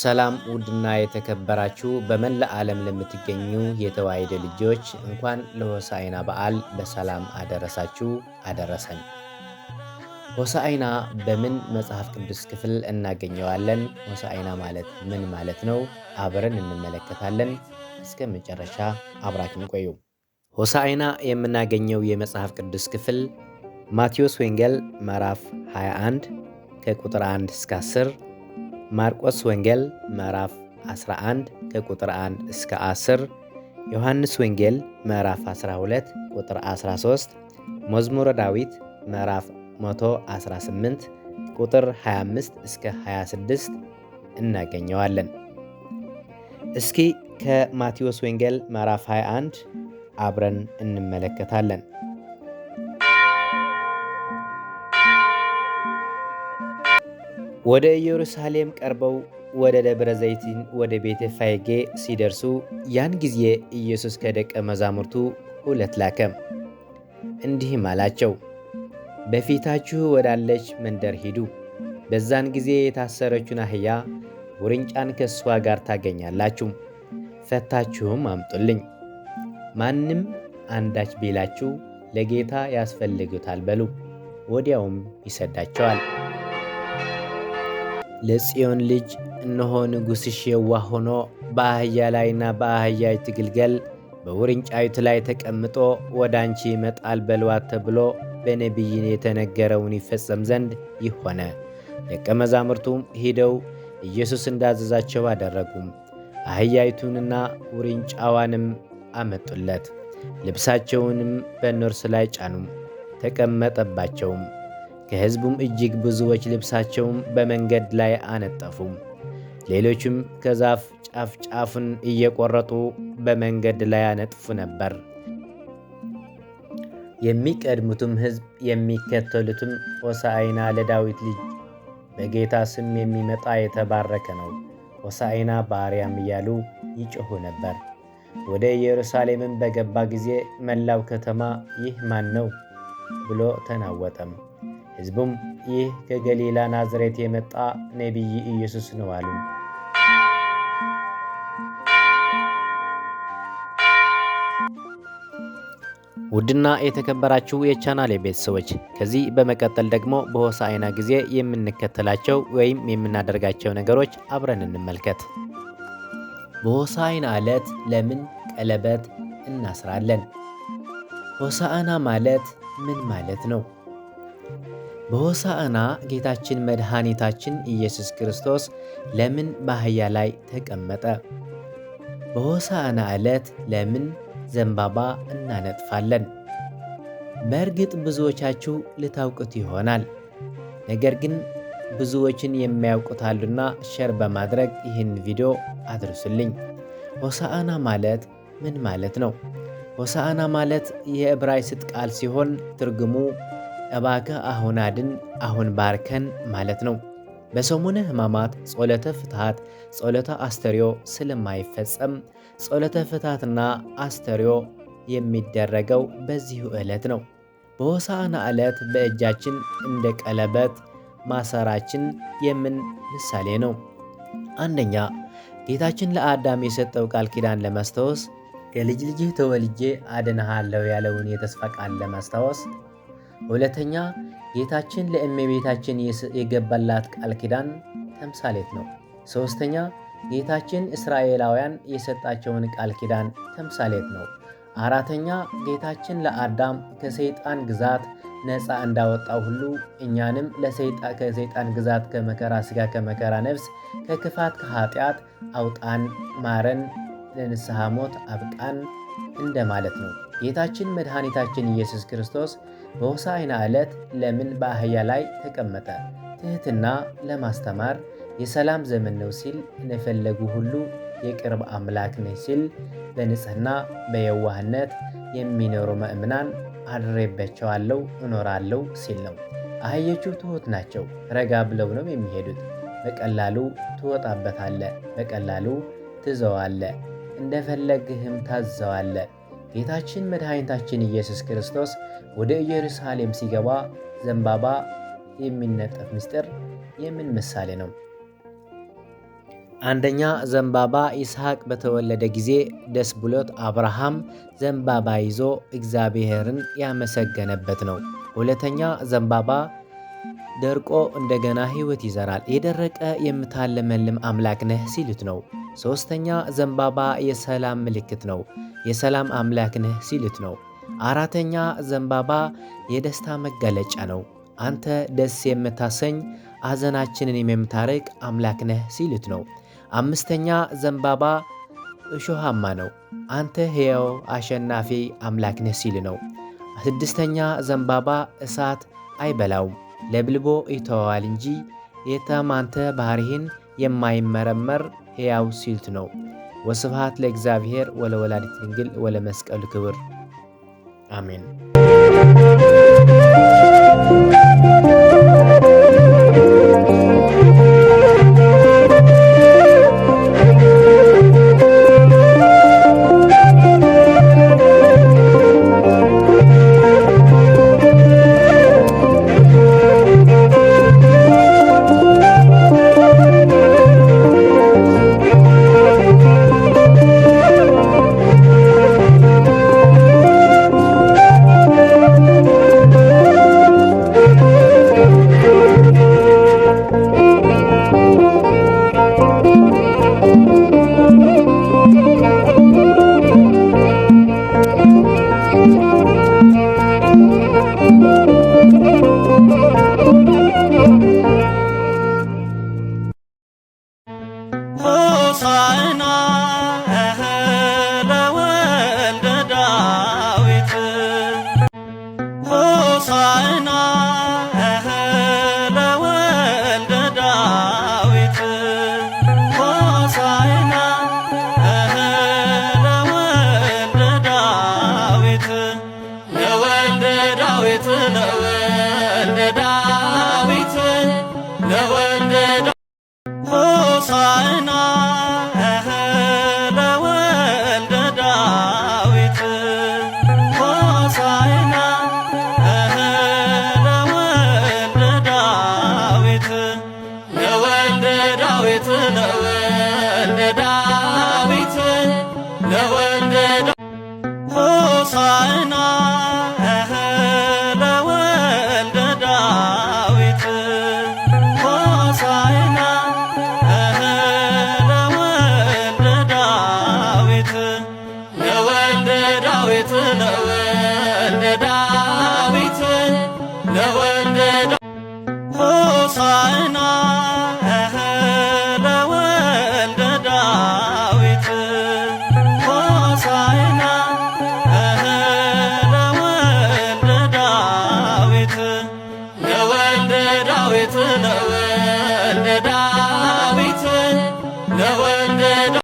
ሰላም ውድና የተከበራችሁ በመላ ዓለም ለምትገኙ የተዋሕዶ ልጆች እንኳን ለሆሳዕና በዓል በሰላም አደረሳችሁ አደረሰን። ሆሳዕና በምን መጽሐፍ ቅዱስ ክፍል እናገኘዋለን? ሆሳዕና ማለት ምን ማለት ነው? አብረን እንመለከታለን። እስከ መጨረሻ አብራችን ቆዩ። ሆሳዕና የምናገኘው የመጽሐፍ ቅዱስ ክፍል ማቴዎስ ወንጌል ምዕራፍ 21 ከቁጥር 1 እስከ 10 ማርቆስ ወንጌል ምዕራፍ 11 ከቁጥር 1 እስከ 10፣ ዮሐንስ ወንጌል ምዕራፍ 12 ቁጥር 13፣ መዝሙረ ዳዊት ምዕራፍ 118 ቁጥር 25 እስከ 26 እናገኘዋለን። እስኪ ከማቴዎስ ወንጌል ምዕራፍ 21 አብረን እንመለከታለን። ወደ ኢየሩሳሌም ቀርበው ወደ ደብረ ዘይትን ወደ ቤተ ፋይጌ ሲደርሱ ያን ጊዜ ኢየሱስ ከደቀ መዛሙርቱ ሁለት ላከ፣ እንዲህም አላቸው፣ በፊታችሁ ወዳለች መንደር ሂዱ። በዛን ጊዜ የታሰረችውን አህያ ውርንጫን ከእሷ ጋር ታገኛላችሁ፣ ፈታችሁም አምጡልኝ። ማንም አንዳች ቢላችሁ ለጌታ ያስፈልጉታል በሉ፣ ወዲያውም ይሰዳቸዋል። ለጽዮን ልጅ እነሆ ንጉሥሽ የዋህ ሆኖ በአህያ ላይና በአህያይቱ ግልገል በውርንጫይቱ ላይ ተቀምጦ ወደ አንቺ ይመጣል በልዋት ተብሎ በነቢይን የተነገረውን ይፈጸም ዘንድ ይህ ሆነ። ደቀ መዛሙርቱም ሂደው ኢየሱስ እንዳዘዛቸው አደረጉም። አህያይቱንና ውርንጫዋንም አመጡለት። ልብሳቸውንም በእነርሱ ላይ ጫኑም፣ ተቀመጠባቸውም። ከሕዝቡም እጅግ ብዙዎች ልብሳቸውም በመንገድ ላይ አነጠፉ። ሌሎችም ከዛፍ ጫፍ ጫፍን እየቆረጡ በመንገድ ላይ አነጥፉ ነበር። የሚቀድሙትም ሕዝብ የሚከተሉትም ሆሳዕና ለዳዊት ልጅ በጌታ ስም የሚመጣ የተባረከ ነው፣ ሆሳዕና በአርያም እያሉ ይጮኹ ነበር። ወደ ኢየሩሳሌምም በገባ ጊዜ መላው ከተማ ይህ ማን ነው ብሎ ተናወጠም። ሕዝቡም ይህ ከገሊላ ናዝሬት የመጣ ነቢይ ኢየሱስ ነው አሉ። ውድና የተከበራችሁ የቻናሌ ቤተሰቦች ከዚህ በመቀጠል ደግሞ በሆሳዕና ጊዜ የምንከተላቸው ወይም የምናደርጋቸው ነገሮች አብረን እንመልከት። በሆሳዕና ዕለት ለምን ቀለበት እናስራለን? ሆሳዕና ማለት ምን ማለት ነው? በሆሳዕና ጌታችን መድኃኒታችን ኢየሱስ ክርስቶስ ለምን በአህያ ላይ ተቀመጠ? በሆሳዕና ዕለት ለምን ዘንባባ እናነጥፋለን? በእርግጥ ብዙዎቻችሁ ልታውቁት ይሆናል። ነገር ግን ብዙዎችን የሚያውቁታሉና ሸር በማድረግ ይህን ቪዲዮ አድርሱልኝ። ሆሳዕና ማለት ምን ማለት ነው? ሆሳዕና ማለት የዕብራይስጥ ቃል ሲሆን ትርጉሙ እባክህ አሁን አድን፣ አሁን ባርከን ማለት ነው። በሰሙነ ሕማማት ጸሎተ ፍትሐት፣ ጸሎተ አስተሪዮ ስለማይፈጸም ጸሎተ ፍትሐትና አስተሪዮ የሚደረገው በዚሁ ዕለት ነው። በሆሳዕና ዕለት በእጃችን እንደ ቀለበት ማሰራችን የምን ምሳሌ ነው? አንደኛ ጌታችን ለአዳም የሰጠው ቃል ኪዳን ለማስታወስ ከልጅ ልጅህ ተወልጄ አድንሃለሁ ያለውን የተስፋ ቃል ለማስታወስ ሁለተኛ ጌታችን ለእመቤታችን የገባላት ቃል ኪዳን ተምሳሌት ነው። ሦስተኛ ጌታችን እስራኤላውያን የሰጣቸውን ቃል ኪዳን ተምሳሌት ነው። አራተኛ ጌታችን ለአዳም ከሰይጣን ግዛት ነፃ እንዳወጣው ሁሉ እኛንም ከሰይጣን ግዛት ከመከራ ስጋ ከመከራ ነፍስ ከክፋት ከኃጢአት አውጣን፣ ማረን፣ ለንስሐ ሞት አብቃን እንደማለት ነው። ጌታችን መድኃኒታችን ኢየሱስ ክርስቶስ በሆሳዕና ዕለት ለምን በአህያ ላይ ተቀመጠ? ትሕትና ለማስተማር የሰላም ዘመን ነው ሲል ለፈለጉ ሁሉ የቅርብ አምላክ ነች ሲል በንጽህና በየዋህነት የሚኖሩ ምእምናን አድሬባቸዋለሁ እኖራለሁ ሲል ነው። አህዮቹ ትሑት ናቸው። ረጋ ብለው ነው የሚሄዱት። በቀላሉ ትወጣበታለ፣ በቀላሉ ትዘዋለ፣ እንደፈለግህም ታዘዋለ። ጌታችን መድኃኒታችን ኢየሱስ ክርስቶስ ወደ ኢየሩሳሌም ሲገባ ዘንባባ የሚነጠፍ ምስጢር የምን ምሳሌ ነው? አንደኛ ዘንባባ ይስሐቅ በተወለደ ጊዜ ደስ ብሎት አብርሃም ዘንባባ ይዞ እግዚአብሔርን ያመሰገነበት ነው። ሁለተኛ ዘንባባ ደርቆ እንደገና ሕይወት ይዘራል። የደረቀ የምታለመልም አምላክ ነህ ሲሉት ነው። ሦስተኛ ዘንባባ የሰላም ምልክት ነው። የሰላም አምላክ ነህ ሲሉት ነው። አራተኛ ዘንባባ የደስታ መገለጫ ነው። አንተ ደስ የምታሰኝ አዘናችንን የምታረቅ አምላክ ነህ ሲሉት ነው። አምስተኛ ዘንባባ እሾሃማ ነው። አንተ ሕያው አሸናፊ አምላክ ነህ ሲል ነው። ስድስተኛ ዘንባባ እሳት አይበላውም ለብልቦ ይተወዋል እንጂ የተማንተ ባህርህን የማይመረመር ሕያው ሲልት ነው። ወስብሃት ለእግዚአብሔር ወለወላዲት ድንግል ወለመስቀሉ ክብር አሜን። ሆሳዕና ሆሳዕና ለወልደ ዳዊት ሆሳዕና ለወልደ ዳዊት ለወልደ ዳዊት ለወልደ ዳዊት